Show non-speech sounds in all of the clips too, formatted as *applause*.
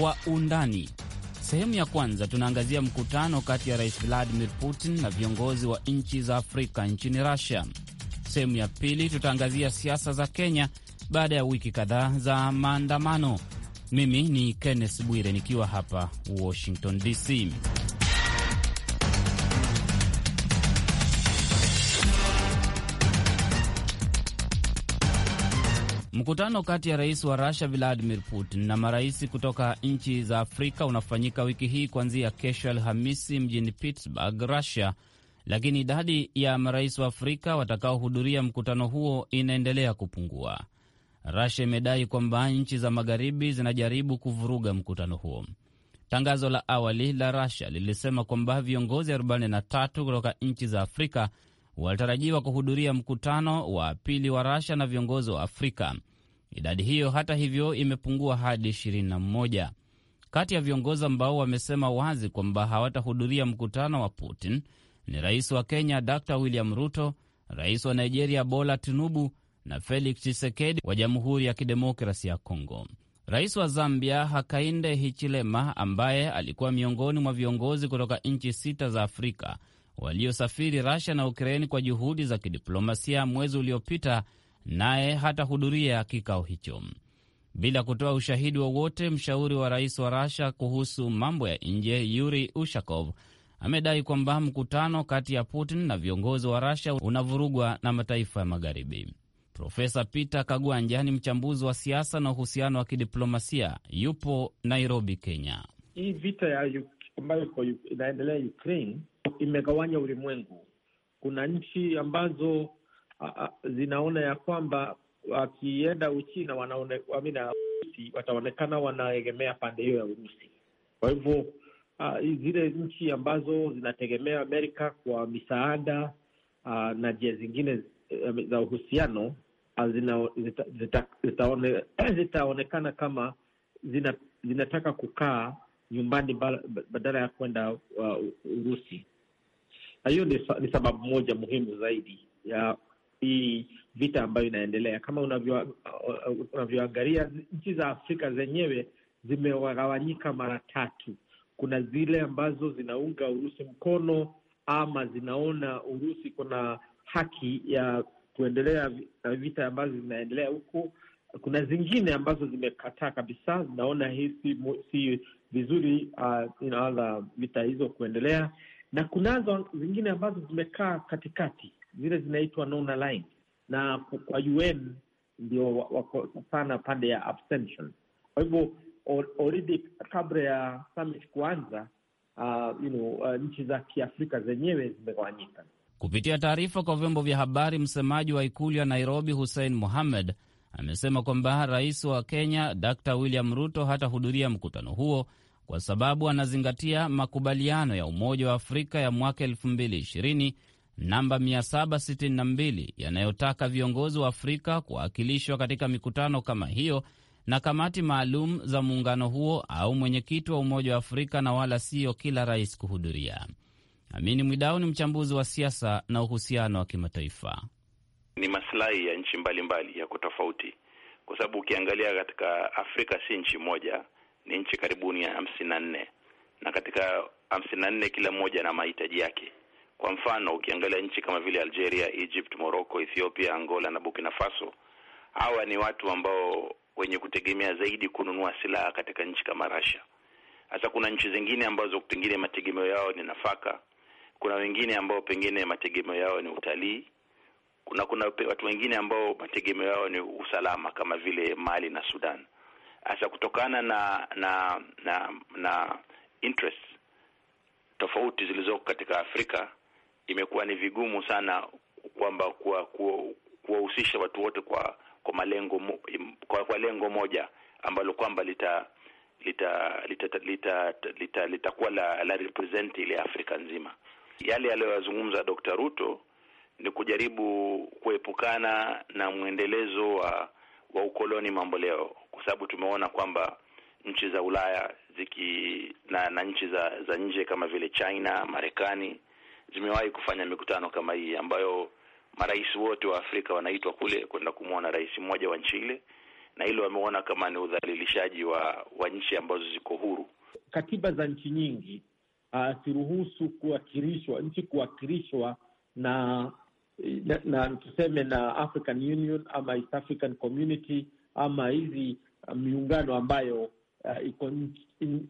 kwa undani. Sehemu ya kwanza tunaangazia mkutano kati ya Rais Vladimir Putin na viongozi wa nchi za Afrika nchini Russia. Sehemu ya pili tutaangazia siasa za Kenya baada ya wiki kadhaa za maandamano. Mimi ni Kenneth Bwire nikiwa hapa Washington DC. Mkutano kati ya rais wa Rusia Vladimir Putin na marais kutoka nchi za Afrika unafanyika wiki hii kuanzia kesho Alhamisi mjini Pittsburgh, Russia, lakini idadi ya marais wa Afrika watakaohudhuria mkutano huo inaendelea kupungua. Rusia imedai kwamba nchi za magharibi zinajaribu kuvuruga mkutano huo. Tangazo la awali la Rusia lilisema kwamba viongozi 43 kutoka nchi za Afrika walitarajiwa kuhudhuria mkutano wa pili wa rasha na viongozi wa Afrika. Idadi hiyo hata hivyo imepungua hadi 21. Kati ya viongozi ambao wamesema wazi kwamba hawatahudhuria mkutano wa Putin ni rais wa Kenya Dr William Ruto, rais wa Nigeria Bola Tinubu na Felix Chisekedi wa Jamhuri ya Kidemokrasi ya Kongo. Rais wa Zambia Hakainde Hichilema, ambaye alikuwa miongoni mwa viongozi kutoka nchi sita za Afrika waliosafiri Rasia na Ukraini kwa juhudi za kidiplomasia mwezi uliopita, naye hatahudhuria kikao hicho. Bila kutoa ushahidi wowote, mshauri wa rais wa Rasha kuhusu mambo ya nje Yuri Ushakov amedai kwamba mkutano kati ya Putin na viongozi wa Rasha unavurugwa na mataifa ya Magharibi. Profesa Peter Kagwanja ni mchambuzi wa siasa na uhusiano wa kidiplomasia, yupo Nairobi, Kenya. Hii vita ambayo iko inaendelea Ukraine imegawanya ulimwengu. Kuna nchi ambazo zinaona ya kwamba wakienda Uchina wanaone, wamina, uh, Urusi wataonekana wanaegemea pande hiyo ya Urusi. Kwa hivyo uh, zile nchi ambazo zinategemea Amerika kwa misaada uh, na njia zingine za uhusiano uh, zitaonekana zita, zita zita *clears throat* kama zina, zinataka kukaa nyumbani badala ya kwenda uh, Urusi. Na hiyo ni, ni sababu moja muhimu zaidi ya hii vita ambayo inaendelea. Kama uh, unavyoangalia, nchi za Afrika zenyewe zimewagawanyika mara tatu. Kuna zile ambazo zinaunga Urusi mkono ama zinaona Urusi kuna haki ya kuendelea vita ambazo zinaendelea huko. Kuna zingine ambazo zimekataa kabisa, zinaona hii si vizuri uh, inaanza vita hizo kuendelea, na kunazo zingine ambazo zimekaa katikati zile zinaitwa non aligned, na kwa UN ndio wako sana pande ya abstention. Kwa hivyo already kabla ya summit kuanza, uh, you know, uh, nchi za Kiafrika zenyewe zimegawanyika. Kupitia taarifa kwa vyombo vya habari, msemaji wa ikulu ya Nairobi Hussein Mohamed amesema kwamba rais wa Kenya Dr William Ruto hatahudhuria mkutano huo kwa sababu anazingatia makubaliano ya Umoja wa Afrika ya mwaka elfu mbili ishirini namba 762 yanayotaka viongozi wa Afrika kuwakilishwa katika mikutano kama hiyo na kamati maalum za muungano huo au mwenyekiti wa Umoja wa Afrika, na wala siyo kila rais kuhudhuria. Amini Mwidau ni mchambuzi wa siasa na uhusiano wa kimataifa. Ni masilahi ya nchi mbalimbali yako tofauti, kwa sababu ukiangalia katika Afrika si nchi moja, ni nchi karibuni ya hamsini na nne na katika hamsini na nne kila mmoja na mahitaji yake kwa mfano, ukiangalia nchi kama vile Algeria, Egypt, Morocco, Ethiopia, Angola na Burkina Faso, hawa ni watu ambao wenye kutegemea zaidi kununua silaha katika nchi kama Russia. Sasa kuna nchi zingine ambazo pengine mategemeo yao ni nafaka, kuna wengine ambao pengine mategemeo yao ni utalii, kuna kuna watu wengine ambao mategemeo yao ni usalama kama vile Mali na Sudan. Sasa kutokana na na na na interest tofauti zilizoko katika Afrika imekuwa ni vigumu sana kwamba kuwahusisha kuwa watu wote kwa kwa malengo kwa, kwa lengo moja ambalo kwamba lita litakuwa lita, lita, lita, lita la, la represent ile Afrika nzima. Yale aliyoyazungumza Dr. Ruto ni kujaribu kuepukana na mwendelezo wa wa ukoloni mambo leo, kwa sababu tumeona kwamba nchi za Ulaya ziki na, na nchi za, za nje kama vile China, Marekani zimewahi kufanya mikutano kama hii ambayo marais wote wa Afrika wanaitwa kule kwenda kumwona rais mmoja wa nchi ile, na hilo wameona kama ni udhalilishaji wa, wa nchi ambazo ziko huru. Katiba za nchi nyingi ah, siruhusu kuwakilishwa nchi kuwakilishwa na na, na tuseme na African Union ama East African Community ama hizi ah, miungano ambayo uh, iko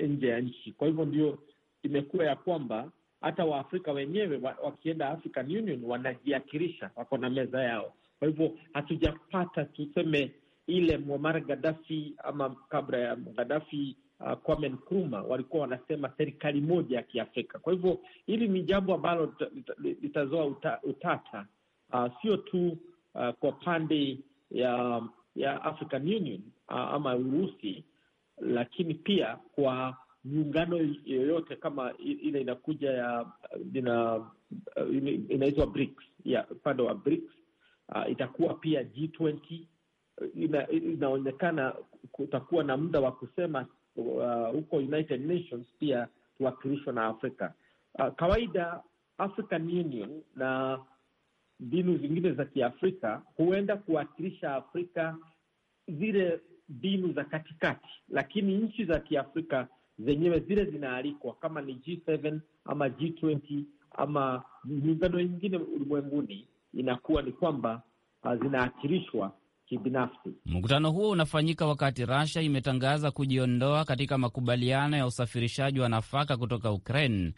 nje ya nchi. Kwa hivyo ndio imekuwa ya kwamba hata Waafrika wenyewe wakienda African Union wanajiakirisha, wako na meza yao. Kwa hivyo hatujapata tuseme ile Muammar Gaddafi ama kabla ya Gaddafi uh, Kwame Nkrumah walikuwa wanasema serikali moja ya Kiafrika. Kwa hivyo hili ni jambo ambalo litazoa uta, utata uh, sio tu uh, kwa pande ya ya African Union uh, ama Urusi, lakini pia kwa miungano yoyote kama ile inakuja ya ina, inaitwa BRICS ya upande wa BRICS, uh, itakuwa pia G20 ina, inaonekana kutakuwa na muda wa kusema ah, huko uh, United Nations pia tuwakilishwa na Afrika. Uh, kawaida African Union na mbinu zingine za Kiafrika huenda kuwakilisha Afrika zile mbinu za katikati, lakini nchi za Kiafrika zenyewe zile zinaalikwa kama ni G7 ama G20 ama miungano nyingine ulimwenguni, inakuwa ni kwamba uh, zinaakirishwa kibinafsi. Mkutano huo unafanyika wakati Russia imetangaza kujiondoa katika makubaliano ya usafirishaji wa nafaka kutoka Ukraine,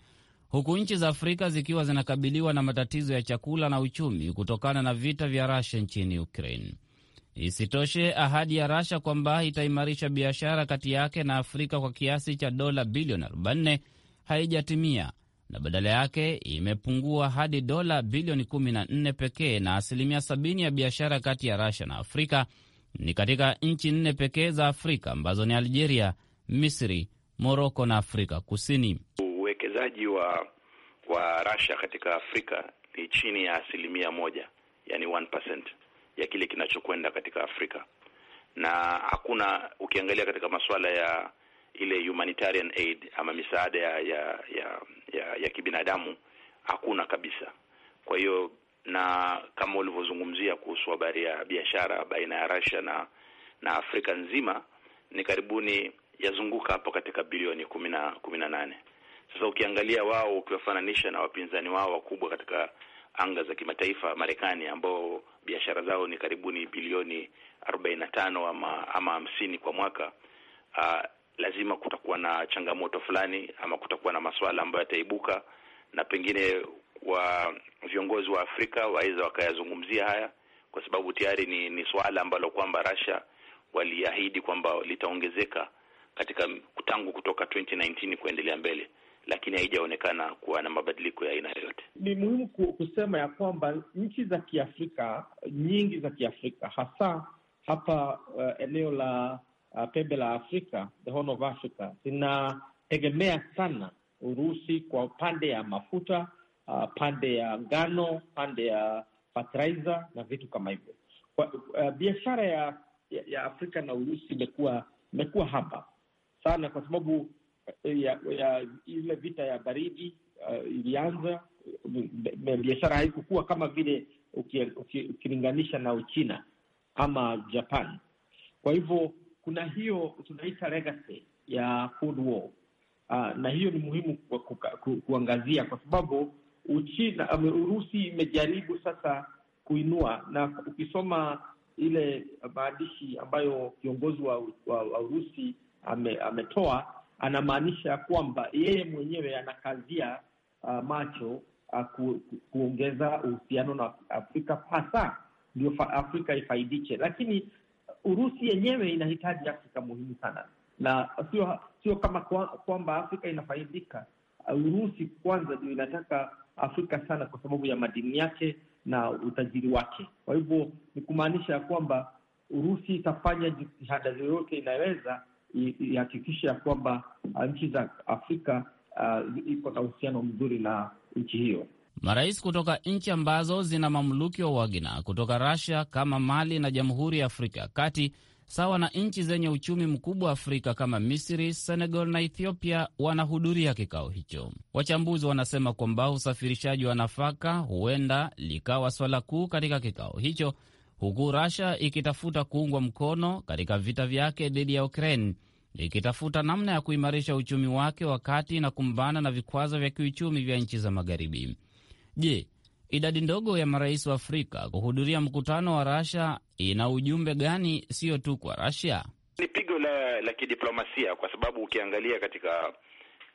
huku nchi za Afrika zikiwa zinakabiliwa na matatizo ya chakula na uchumi kutokana na vita vya Russia nchini Ukraine. Isitoshe, ahadi ya Rasha kwamba itaimarisha biashara kati yake na Afrika kwa kiasi cha dola bilioni 44 haijatimia na badala yake imepungua hadi dola bilioni 14 pekee, na asilimia 70 ya biashara kati ya Rasha na Afrika ni katika nchi nne pekee za Afrika ambazo ni Algeria, Misri, Moroko na Afrika Kusini. Uwekezaji wa wa Rasha katika Afrika ni chini ya asilimia moja, yani ya kile kinachokwenda katika Afrika, na hakuna ukiangalia katika masuala ya ile humanitarian aid ama misaada ya ya ya, ya, ya kibinadamu hakuna kabisa. Kwa hiyo na kama ulivyozungumzia kuhusu habari ya biashara baina ya Russia na na Afrika nzima ni karibuni yazunguka hapo katika bilioni kumi na kumi na nane. Sasa ukiangalia wao, ukiwafananisha na wapinzani wao wakubwa katika anga za kimataifa, Marekani ambao biashara zao ni karibuni bilioni arobaini na tano ama ama hamsini kwa mwaka uh, lazima kutakuwa na changamoto fulani ama kutakuwa na masuala ambayo yataibuka, na pengine wa viongozi wa Afrika waweza wakayazungumzia haya, kwa sababu tayari ni, ni suala ambalo kwamba Russia waliahidi kwamba litaongezeka katika tangu kutoka 2019 kuendelea mbele lakini haijaonekana kuwa na mabadiliko ya aina yoyote. Ni muhimu kusema ya kwamba nchi za Kiafrika nyingi za Kiafrika hasa hapa uh, eneo la uh, pembe la Afrika, the Horn of Africa, zinategemea sana Urusi kwa pande ya mafuta uh, pande ya ngano, pande ya fertilizer na vitu kama hivyo. Uh, biashara ya, ya Afrika na Urusi imekuwa imekuwa sana kwa sababu Eh, ya, ya ile vita ya baridi uh, ilianza. Biashara haikukua kama vile ukilinganisha na Uchina ama Japan. Kwa hivyo kuna hiyo tunaita legacy ya food War. Uh, na hiyo ni muhimu kwa, ku, ku, kuangazia kwa sababu Uchina um, Urusi imejaribu sasa kuinua, na ukisoma ile maandishi ambayo kiongozi wa, wa, wa Urusi ametoa anamaanisha kwamba yeye mwenyewe anakazia uh, macho uh, ku, ku, kuongeza uhusiano na Afrika hasa ndio Afrika ifaidike, lakini Urusi yenyewe inahitaji Afrika muhimu sana, na sio sio kama kwamba kwa Afrika inafaidika. Urusi kwanza ndio inataka Afrika sana kwa sababu ya madini yake na utajiri wake. Kwa hivyo ni kumaanisha ya kwamba Urusi itafanya jitihada zoyote inaweza ihakikishe ya kwamba uh, nchi za Afrika uh, iko na uhusiano mzuri na nchi hiyo. Marais kutoka nchi ambazo zina mamluki wa wagina kutoka Rasia kama Mali na Jamhuri ya Afrika ya Kati, sawa na nchi zenye uchumi mkubwa Afrika kama Misri, Senegal na Ethiopia wanahudhuria kikao hicho. Wachambuzi wanasema kwamba usafirishaji wa nafaka huenda likawa swala kuu katika kikao hicho huku rasha ikitafuta kuungwa mkono katika vita vyake dhidi ya Ukraine, ikitafuta namna ya kuimarisha uchumi wake wakati inakumbana na vikwazo vya kiuchumi vya nchi za Magharibi. Je, idadi ndogo ya marais wa Afrika kuhudhuria mkutano wa rasha ina ujumbe gani, sio tu kwa rasia Ni pigo la, la kidiplomasia kwa sababu ukiangalia katika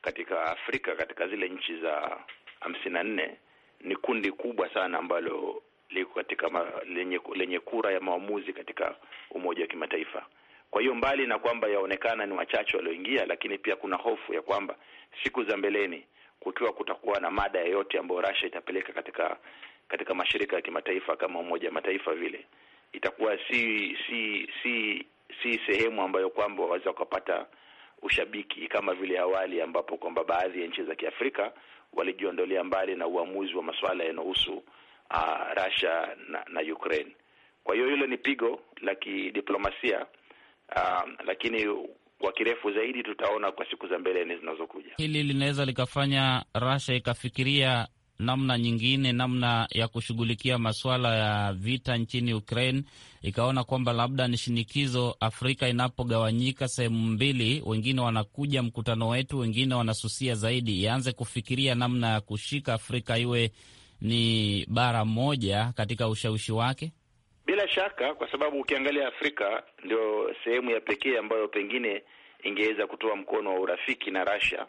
katika Afrika katika zile nchi za hamsini na nne ni kundi kubwa sana ambalo liko katika ma, lenye, lenye kura ya maamuzi katika Umoja wa Kimataifa. Kwa hiyo mbali na kwamba yaonekana ni wachache walioingia, lakini pia kuna hofu ya kwamba siku za mbeleni kukiwa kutakuwa na mada yoyote ambayo Russia itapeleka katika katika mashirika ya kimataifa kama Umoja wa Mataifa vile itakuwa si si si si sehemu ambayo kwamba waweza kupata ushabiki kama vile awali ambapo kwamba baadhi ya nchi za Kiafrika walijiondolea mbali na uamuzi wa masuala yanayohusu uh, Russia na, na Ukraine. Kwa hiyo hilo ni pigo la kidiplomasia uh, lakini kwa kirefu zaidi tutaona kwa siku za mbele zinazokuja. Hili linaweza likafanya Russia ikafikiria namna nyingine, namna ya kushughulikia masuala ya vita nchini Ukraine, ikaona kwamba labda ni shinikizo. Afrika inapogawanyika sehemu mbili, wengine wanakuja mkutano wetu, wengine wanasusia zaidi, ianze kufikiria namna ya kushika Afrika iwe ni bara moja katika ushawishi wake? Bila shaka, kwa sababu ukiangalia Afrika ndio sehemu ya pekee ambayo pengine ingeweza kutoa mkono wa urafiki na Russia,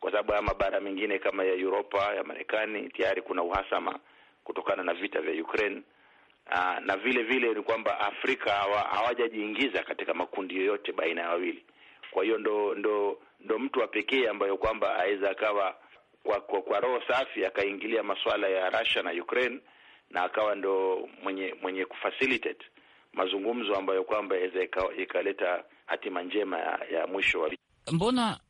kwa sababu haya mabara mengine kama ya uropa ya Marekani tayari kuna uhasama kutokana na vita vya Ukraine. Aa, ah, na vile vile ni kwamba Afrika hawajajiingiza katika makundi yoyote baina ya wawili. Kwa hiyo ndo, ndo, ndo mtu wa pekee ambayo kwamba aweza akawa kwa, kwa, kwa roho safi akaingilia masuala ya Russia na Ukraine na akawa ndo mwenye mwenye kufacilitate mazungumzo ambayo kwamba yaweza ikaleta hatima njema ya, ya mwisho wa mbona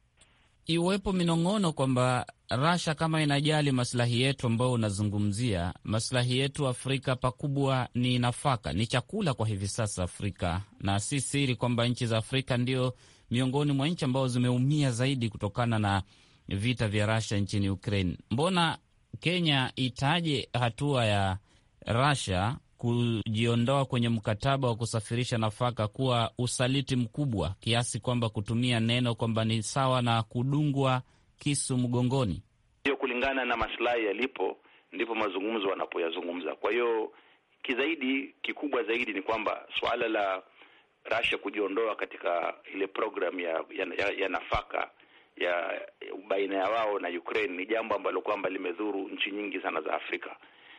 iwepo minong'ono kwamba Rasha kama inajali maslahi yetu ambayo unazungumzia, maslahi yetu Afrika pakubwa ni nafaka, ni chakula kwa hivi sasa Afrika, na si siri kwamba nchi za Afrika ndio miongoni mwa nchi ambazo zimeumia zaidi kutokana na vita vya rasha nchini Ukraine. Mbona Kenya itaje hatua ya rasha kujiondoa kwenye mkataba wa kusafirisha nafaka kuwa usaliti mkubwa kiasi kwamba kutumia neno kwamba ni sawa na kudungwa kisu mgongoni? Hiyo kulingana na masilahi yalipo, ndipo mazungumzo wanapoyazungumza. Kwa hiyo kizaidi, kikubwa zaidi ni kwamba suala la Russia kujiondoa katika ile programu ya, ya, ya, ya nafaka ya baina ya wao na Ukraine ni jambo ambalo kwamba limedhuru nchi nyingi sana za Afrika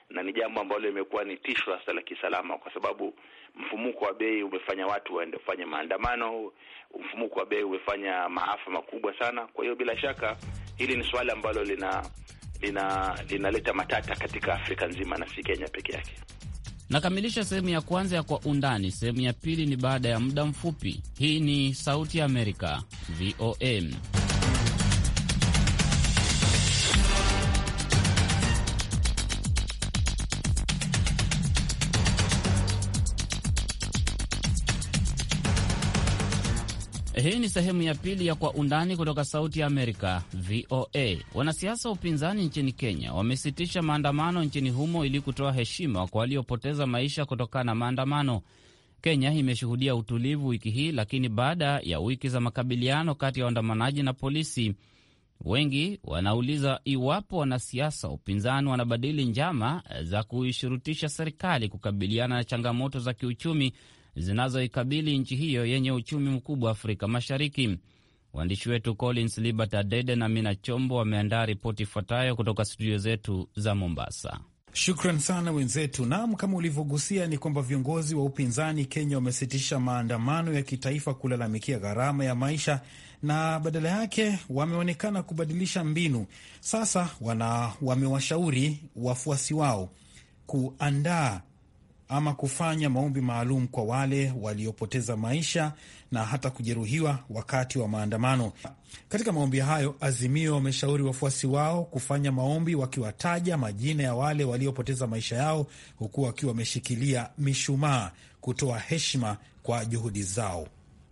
na ni jambo ambalo limekuwa ni tisho hasa la kisalama, kwa sababu mfumuko wa bei umefanya watu waende kufanya maandamano. Mfumuko wa bei umefanya maafa makubwa sana. Kwa hiyo bila shaka hili ni suala ambalo lina lina linaleta matata katika Afrika nzima na si Kenya peke yake. Nakamilisha sehemu ya kwanza ya Kwa Undani. Sehemu ya pili ni baada ya muda mfupi. Hii ni Sauti ya Amerika, VOM. Hii ni sehemu ya pili ya Kwa Undani kutoka Sauti ya Amerika, VOA. Wanasiasa wa upinzani nchini Kenya wamesitisha maandamano nchini humo ili kutoa heshima kwa waliopoteza maisha kutokana na maandamano. Kenya imeshuhudia utulivu wiki hii, lakini baada ya wiki za makabiliano kati ya waandamanaji na polisi, wengi wanauliza iwapo wanasiasa upinzani wanabadili njama za kuishurutisha serikali kukabiliana na changamoto za kiuchumi zinazoikabili nchi hiyo yenye uchumi mkubwa Afrika Mashariki. Waandishi wetu Collins libert adede na Mina Chombo wameandaa ripoti ifuatayo kutoka studio zetu za Mombasa. Shukran sana wenzetu. Naam, kama ulivyogusia ni kwamba viongozi wa upinzani Kenya wamesitisha maandamano ya kitaifa kulalamikia gharama ya maisha na badala yake wameonekana kubadilisha mbinu. Sasa wana wamewashauri wafuasi wao kuandaa ama kufanya maombi maalum kwa wale waliopoteza maisha na hata kujeruhiwa wakati wa maandamano. Katika maombi hayo, Azimio wameshauri wafuasi wao kufanya maombi wakiwataja majina ya wale waliopoteza maisha yao, huku wakiwa wameshikilia mishumaa kutoa heshima kwa juhudi zao.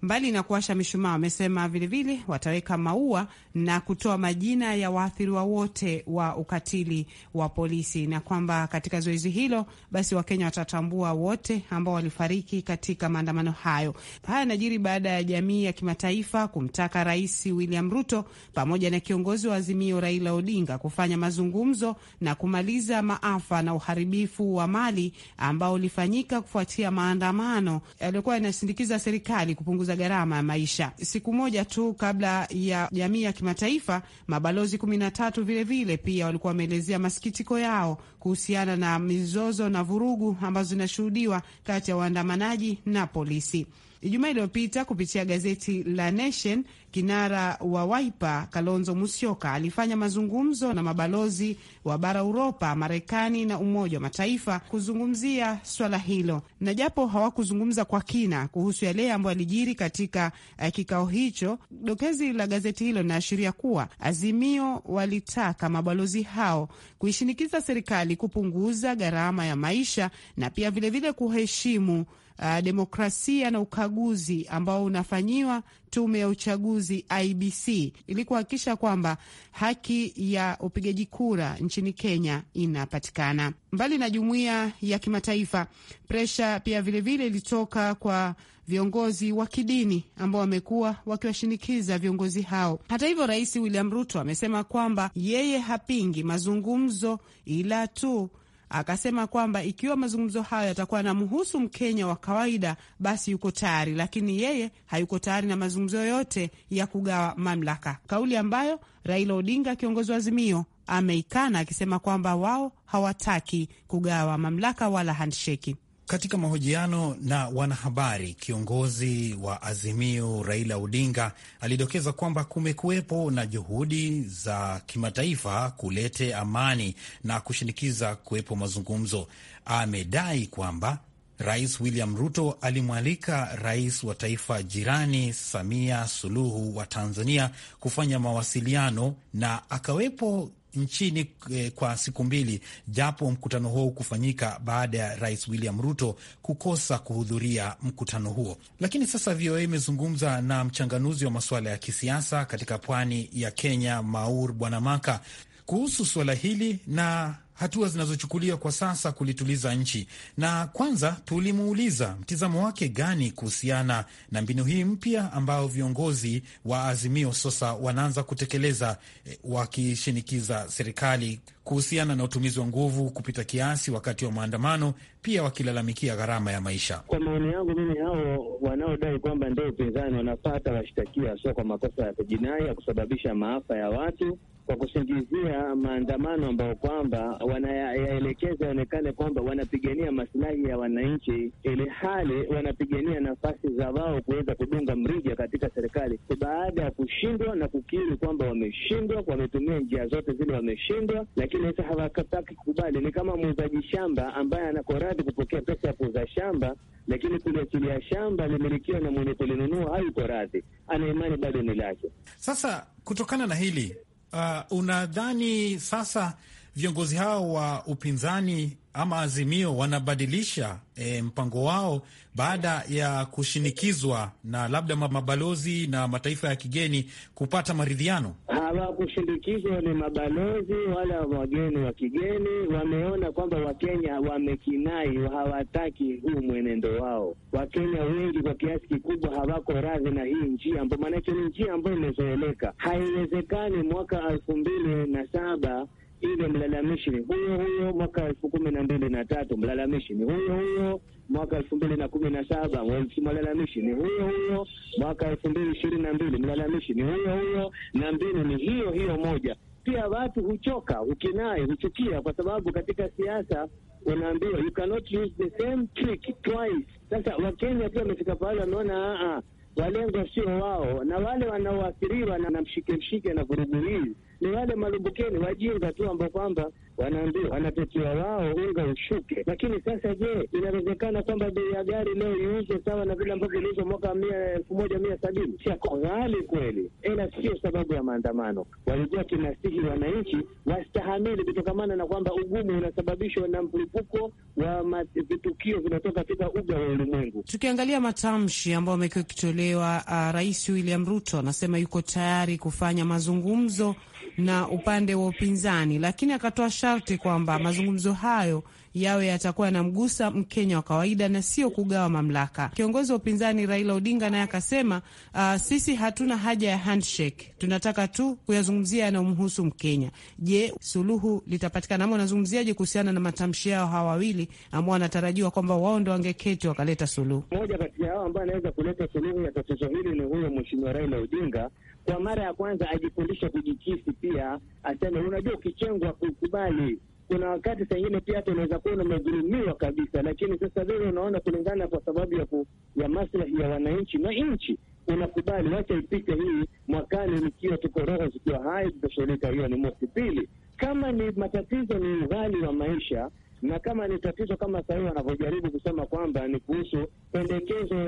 Mbali na kuwasha mishumaa, wamesema vilevile wataweka maua na kutoa majina ya waathiriwa wote wa ukatili wa polisi, na kwamba katika zoezi hilo basi Wakenya watatambua wote ambao walifariki katika maandamano hayo. Haya yanajiri baada ya jamii ya kimataifa kumtaka Rais William Ruto pamoja na kiongozi wa Azimio Raila Odinga kufanya mazungumzo na kumaliza maafa na uharibifu wa mali ambao ulifanyika kufuatia maandamano yaliyokuwa yanasindikiza serikali kupunguza kupunguza gharama ya maisha. Siku moja tu kabla ya jamii ya kimataifa, mabalozi kumi na tatu vilevile pia walikuwa wameelezea masikitiko yao kuhusiana na mizozo na vurugu ambazo zinashuhudiwa kati ya waandamanaji na polisi. Ijumaa iliyopita kupitia gazeti la Nation Kinara wa Waipa Kalonzo Musyoka alifanya mazungumzo na mabalozi wa bara Uropa, Marekani na Umoja wa Mataifa kuzungumzia swala hilo, na japo hawakuzungumza kwa kina kuhusu yale ambayo yalijiri katika uh, kikao hicho, dokezi la gazeti hilo linaashiria kuwa Azimio walitaka mabalozi hao kuishinikiza serikali kupunguza gharama ya maisha na pia vilevile kuheshimu Uh, demokrasia na ukaguzi ambao unafanyiwa tume ya uchaguzi IBC ili kuhakikisha kwamba haki ya upigaji kura nchini Kenya inapatikana. Mbali na jumuiya ya kimataifa, presha pia vilevile ilitoka vile kwa viongozi wa kidini ambao wamekuwa wakiwashinikiza viongozi hao. Hata hivyo, Rais William Ruto amesema kwamba yeye hapingi mazungumzo ila tu Akasema kwamba ikiwa mazungumzo hayo yatakuwa mhusu Mkenya wa kawaida, basi yuko tayari, lakini yeye hayuko tayari na mazungumzo yoyote ya kugawa mamlaka, kauli ambayo Raila Odinga, kiongozi wa Azimio, ameikana akisema kwamba wao hawataki kugawa mamlaka wala handsheki. Katika mahojiano na wanahabari, kiongozi wa Azimio Raila Odinga alidokeza kwamba kumekuwepo na juhudi za kimataifa kulete amani na kushinikiza kuwepo mazungumzo. Amedai kwamba Rais William Ruto alimwalika rais wa taifa jirani Samia Suluhu wa Tanzania kufanya mawasiliano na akawepo nchini eh, kwa siku mbili, japo mkutano huo kufanyika baada ya Rais William Ruto kukosa kuhudhuria mkutano huo. Lakini sasa VOA imezungumza na mchanganuzi wa masuala ya kisiasa katika pwani ya Kenya, Maur Bwanamaka kuhusu suala hili na hatua zinazochukuliwa kwa sasa kulituliza nchi, na kwanza tulimuuliza mtizamo wake gani kuhusiana na mbinu hii mpya ambayo viongozi wa Azimio sasa wanaanza kutekeleza eh, wakishinikiza serikali kuhusiana na utumizi wa nguvu kupita kiasi wakati wa maandamano, pia wakilalamikia gharama ya maisha. Kwa maoni yangu mimi, hao wanaodai kwamba ndio upinzani wanapata washtakiwa, sio kwa makosa ya kijinai ya kusababisha maafa ya watu kwa kusingizia maandamano ambayo kwamba wanayaelekeza yaonekane kwamba wanapigania masilahi ya wananchi, ili hali wanapigania nafasi za wao kuweza kudunga mrija katika serikali. Baada ya kushindwa na kukiri kwamba wameshindwa, wametumia njia zote zile, wameshindwa, lakini sasa hawakataki kukubali. Ni kama muuzaji shamba ambaye radhi kupokea pesa ya kuuza shamba, lakini kuliachilia shamba limilikiwa na mwenye kulinunua hayuko radhi, ana imani bado ni lake. Sasa kutokana na hili uh, unadhani sasa viongozi hao wa upinzani ama Azimio wanabadilisha e, mpango wao baada ya kushinikizwa na labda mabalozi na mataifa ya kigeni kupata maridhiano. Hawakushindikizwa ni mabalozi wala wageni wa kigeni, wameona kwamba Wakenya wamekinai, hawataki huu mwenendo wao. Wakenya wengi kwa kiasi kikubwa hawako radhi na hii njia ambayo, maanake ni njia ambayo imezoeleka. Haiwezekani mwaka elfu mbili na saba ile mlalamishi ni huyo huyo, mwaka elfu kumi na mbili na tatu mlalamishi ni huyo huyo, mwaka elfu mbili na kumi na saba mlalamishi ni huyo huyo, mwaka elfu mbili ishirini na mbili mlalamishi ni huyo huyo, na mbinu ni hiyo hiyo moja. Pia watu huchoka, ukinaye huchukia, kwa sababu katika siasa unaambiwa you cannot use the same trick twice. Sasa Wakenya pia wamefika pahali wameona ah, ah, walengo sio wao, na wale wanaoathiriwa na mshike mshike na vurugu hii ni wale malumbukeni wajinga tu ambao kwamba wanaambiwa wanatakiwa wao unga ushuke. Lakini sasa, je, inawezekana kwamba bei ya gari leo iuzwe sawa na vile ambavyo iliuzwa mwaka mia elfu moja mia sabini? Siako ghali kweli, ila sio sababu ya maandamano. Walikuwa kinasihi wananchi wastahamili, kutokamana na kwamba ugumu unasababishwa na mlipuko wa vitukio vinatoka katika uga wa ulimwengu. Tukiangalia matamshi ambayo amekuwa ikitolewa, uh, Rais William Ruto anasema yuko tayari kufanya mazungumzo na upande wa upinzani, lakini akatoa sharti kwamba mazungumzo hayo yawe yatakuwa yanamgusa Mkenya wa kawaida na sio kugawa mamlaka. Kiongozi wa upinzani Raila Odinga naye akasema, uh, sisi hatuna haja ya handshake, tunataka tu kuyazungumzia yanayomhusu Mkenya. Je, suluhu litapatikana ama unazungumziaje kuhusiana na matamshi yao hawa wawili ambao wanatarajiwa kwamba wao ndo wangeketi wakaleta suluhu? Moja kati ya hao ambaye anaweza kuleta suluhu ya tatizo hili ni huyo Mheshimiwa Raila Odinga kwa mara ya kwanza ajifundishe kujikisi pia, aseme unajua, ukichengwa kukubali. Kuna wakati sengine pia hata unaweza kuwa umedhulumiwa kabisa, lakini sasa vile unaona kulingana, kwa sababu ya, ku, ya maslahi ya wananchi na nchi unakubali, wacha ipite hii mwakani, nikiwa tuko roho zikiwa hai, tutashughulika. Hiyo ni mosi. Pili, kama ni matatizo ni ughali wa maisha na kama ni tatizo kama sasa hivi wanavyojaribu kusema kwamba ni kuhusu pendekezo la,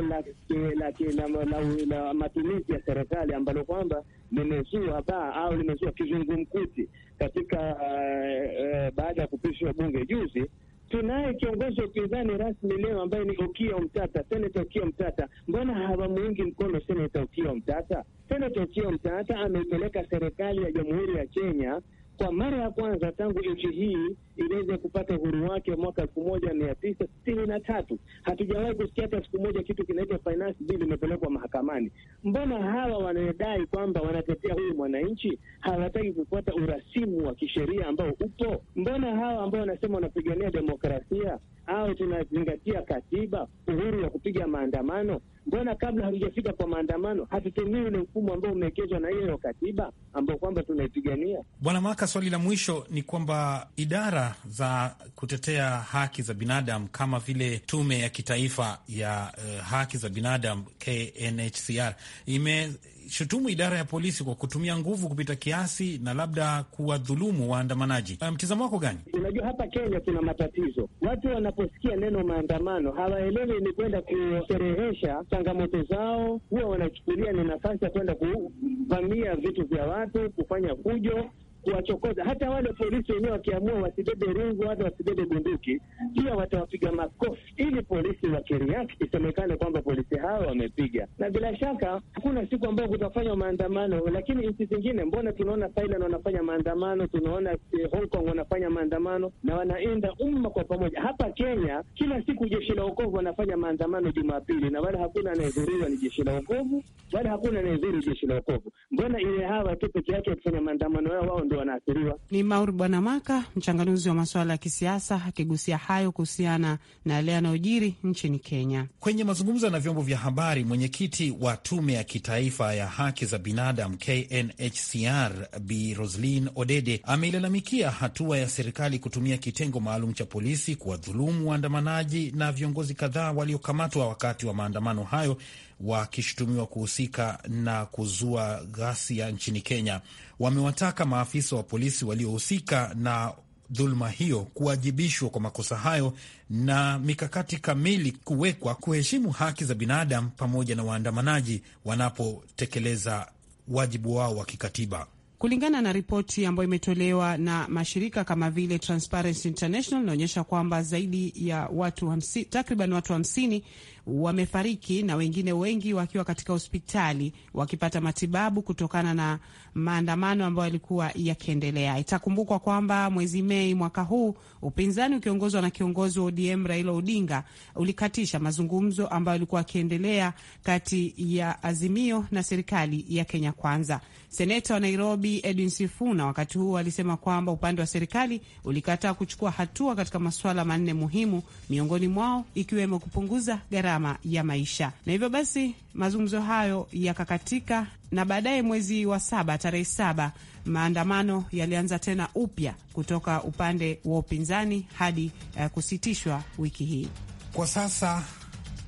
la, la, la, la, matumizi ya serikali ambalo kwamba limezua baa au limezua kizungumkuti katika uh, uh, baada ya kupishwa bunge juzi tunaye kiongozi wa upinzani rasmi leo ambaye ni okio Mtata, seneta Okiya Mtata. Mbona hawamuungi mkono seneta Okiya Mtata? Seneta Okiya Mtata ameipeleka serikali ya jamhuri ya Kenya kwa mara ya kwanza tangu nchi hii iliweza kupata uhuru wake mwaka elfu moja mia tisa sitini na tatu hatujawahi kusikia hata siku moja kitu kinaitwa finance bill imepelekwa mahakamani. Mbona hawa wanadai kwamba wanatetea huyu mwananchi hawataki kufuata urasimu wa kisheria ambao upo? Mbona hawa ambao wanasema wanapigania demokrasia au tunazingatia katiba, uhuru wa kupiga maandamano? Mbona kabla hatujafika kwa maandamano hatutumii ule mfumo ambao umewekezwa na hiyo katiba ambao kwamba tunaipigania? Bwana Maka, swali la mwisho ni kwamba idara za kutetea haki za binadamu kama vile Tume ya Kitaifa ya uh, Haki za Binadamu, KNHCR ime shutumu idara ya polisi kwa kutumia nguvu kupita kiasi na labda kuwadhulumu waandamanaji. Mtizamo wako gani? Unajua, hapa Kenya kuna matatizo. Watu wanaposikia neno maandamano hawaelewi ni kwenda kusherehesha changamoto zao, huwa wanachukulia ni nafasi ya kwenda kuvamia vitu vya watu, kufanya fujo kuwachokoza. Hata wale polisi wenyewe wakiamua wasibebe rungu hata wasibebe bunduki, pia watawapiga makofi ili polisi wakireact isemekane kwamba polisi hao wamepiga. Na bila shaka hakuna siku ambayo kutafanywa maandamano, lakini nchi zingine, mbona tunaona Thailand wanafanya maandamano, tunaona eh, Hong Kong wanafanya maandamano na wanaenda umma kwa pamoja. Hapa Kenya kila siku jeshi la wokovu wanafanya maandamano Jumapili, na wala hakuna anayedhuriwa ni jeshi la wokovu, wala hakuna anayedhuru jeshi la wokovu. Mbona ile hawa tu peke yake wakifanya maandamano yao wao ndio wanaathiriwa. Ni Maur Bwana Maka, mchanganuzi wa masuala ya kisiasa, akigusia hayo kuhusiana na yale yanayojiri nchini Kenya. Kwenye mazungumzo na vyombo vya habari, mwenyekiti wa tume ya kitaifa ya haki za binadamu KNHCR Bi Roslin Odede ameilalamikia hatua ya serikali kutumia kitengo maalum cha polisi kuwadhulumu waandamanaji na viongozi kadhaa waliokamatwa wakati wa maandamano hayo wakishutumiwa kuhusika na kuzua ghasia nchini Kenya wamewataka maafisa wa polisi waliohusika na dhuluma hiyo kuwajibishwa kwa makosa hayo na mikakati kamili kuwekwa kuheshimu haki za binadamu pamoja na waandamanaji wanapotekeleza wajibu wao wa kikatiba. Kulingana na ripoti ambayo imetolewa na mashirika kama vile Transparency International inaonyesha kwamba zaidi ya watu hamsi, takriban watu hamsini wamefariki na wengine wengi wakiwa katika hospitali wakipata matibabu kutokana na maandamano ambayo yalikuwa yakiendelea. Itakumbukwa kwamba mwezi Mei mwaka huu upinzani ukiongozwa na kiongozi wa ODM Raila Odinga ulikatisha mazungumzo ambayo yalikuwa yakiendelea kati ya Azimio na serikali ya Kenya Kwanza. Seneta wa Nairobi Nairobi Edwin Sifuna wakati huo alisema kwamba upande wa serikali ulikataa kuchukua hatua katika masuala manne muhimu, miongoni mwao ikiwemo kupunguza gharama ya maisha, na hivyo basi mazungumzo hayo yakakatika na baadaye mwezi wa saba tarehe saba maandamano yalianza tena upya kutoka upande wa upinzani hadi uh, kusitishwa wiki hii. Kwa sasa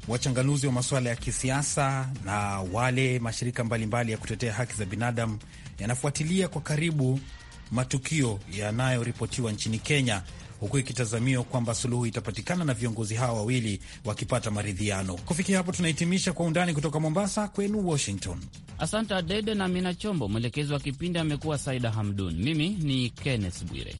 wachanganuzi wa masuala ya kisiasa na wale mashirika mbalimbali mbali ya kutetea haki za binadamu yanafuatilia kwa karibu matukio yanayoripotiwa nchini Kenya, huku ikitazamiwa kwamba suluhu itapatikana na viongozi hawa wawili wakipata maridhiano. Kufikia hapo, tunahitimisha Kwa Undani kutoka Mombasa. Kwenu Washington, asante Adede na Mina Chombo. Mwelekezi wa kipindi amekuwa Saida Hamdun, mimi ni Kenneth Bwire.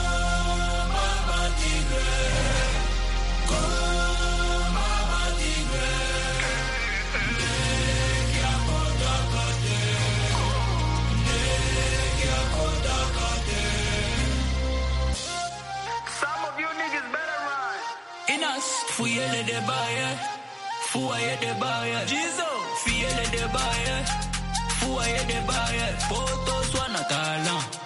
baya, fou aye de baya, photos soit natalan.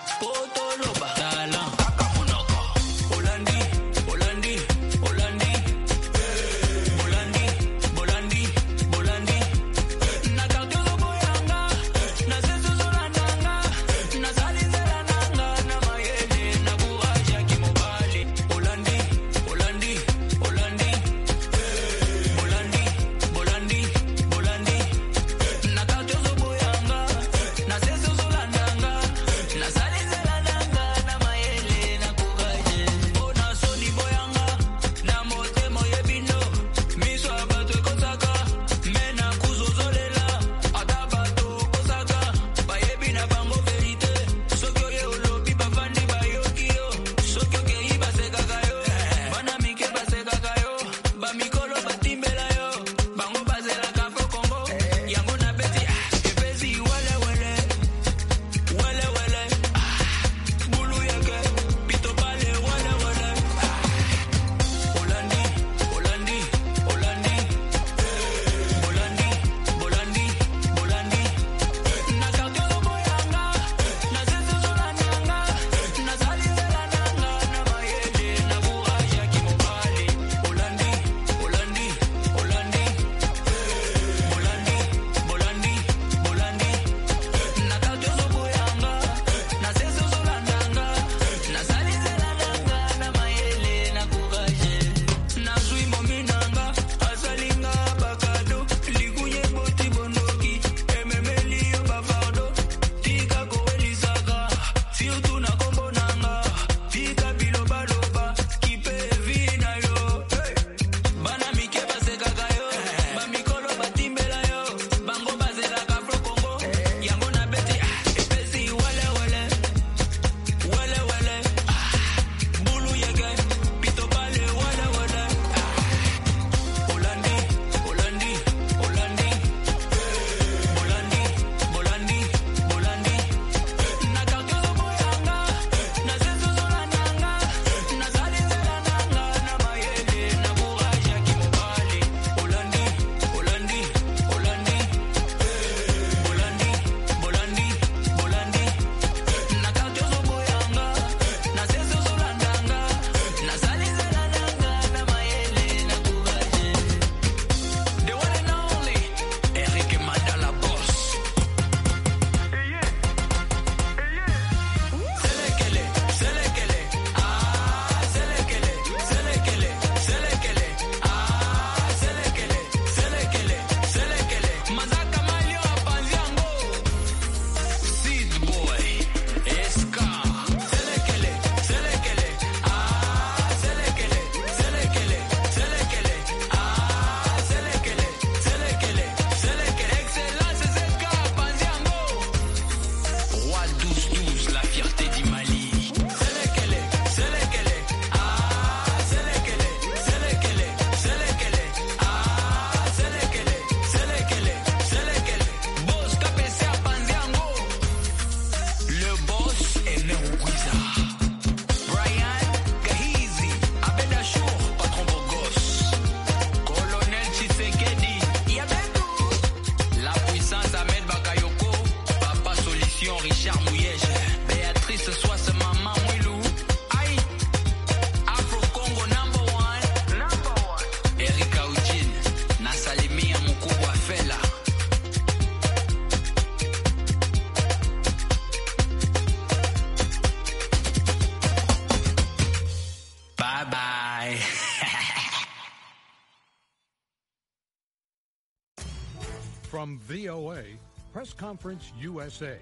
Press Conference USA.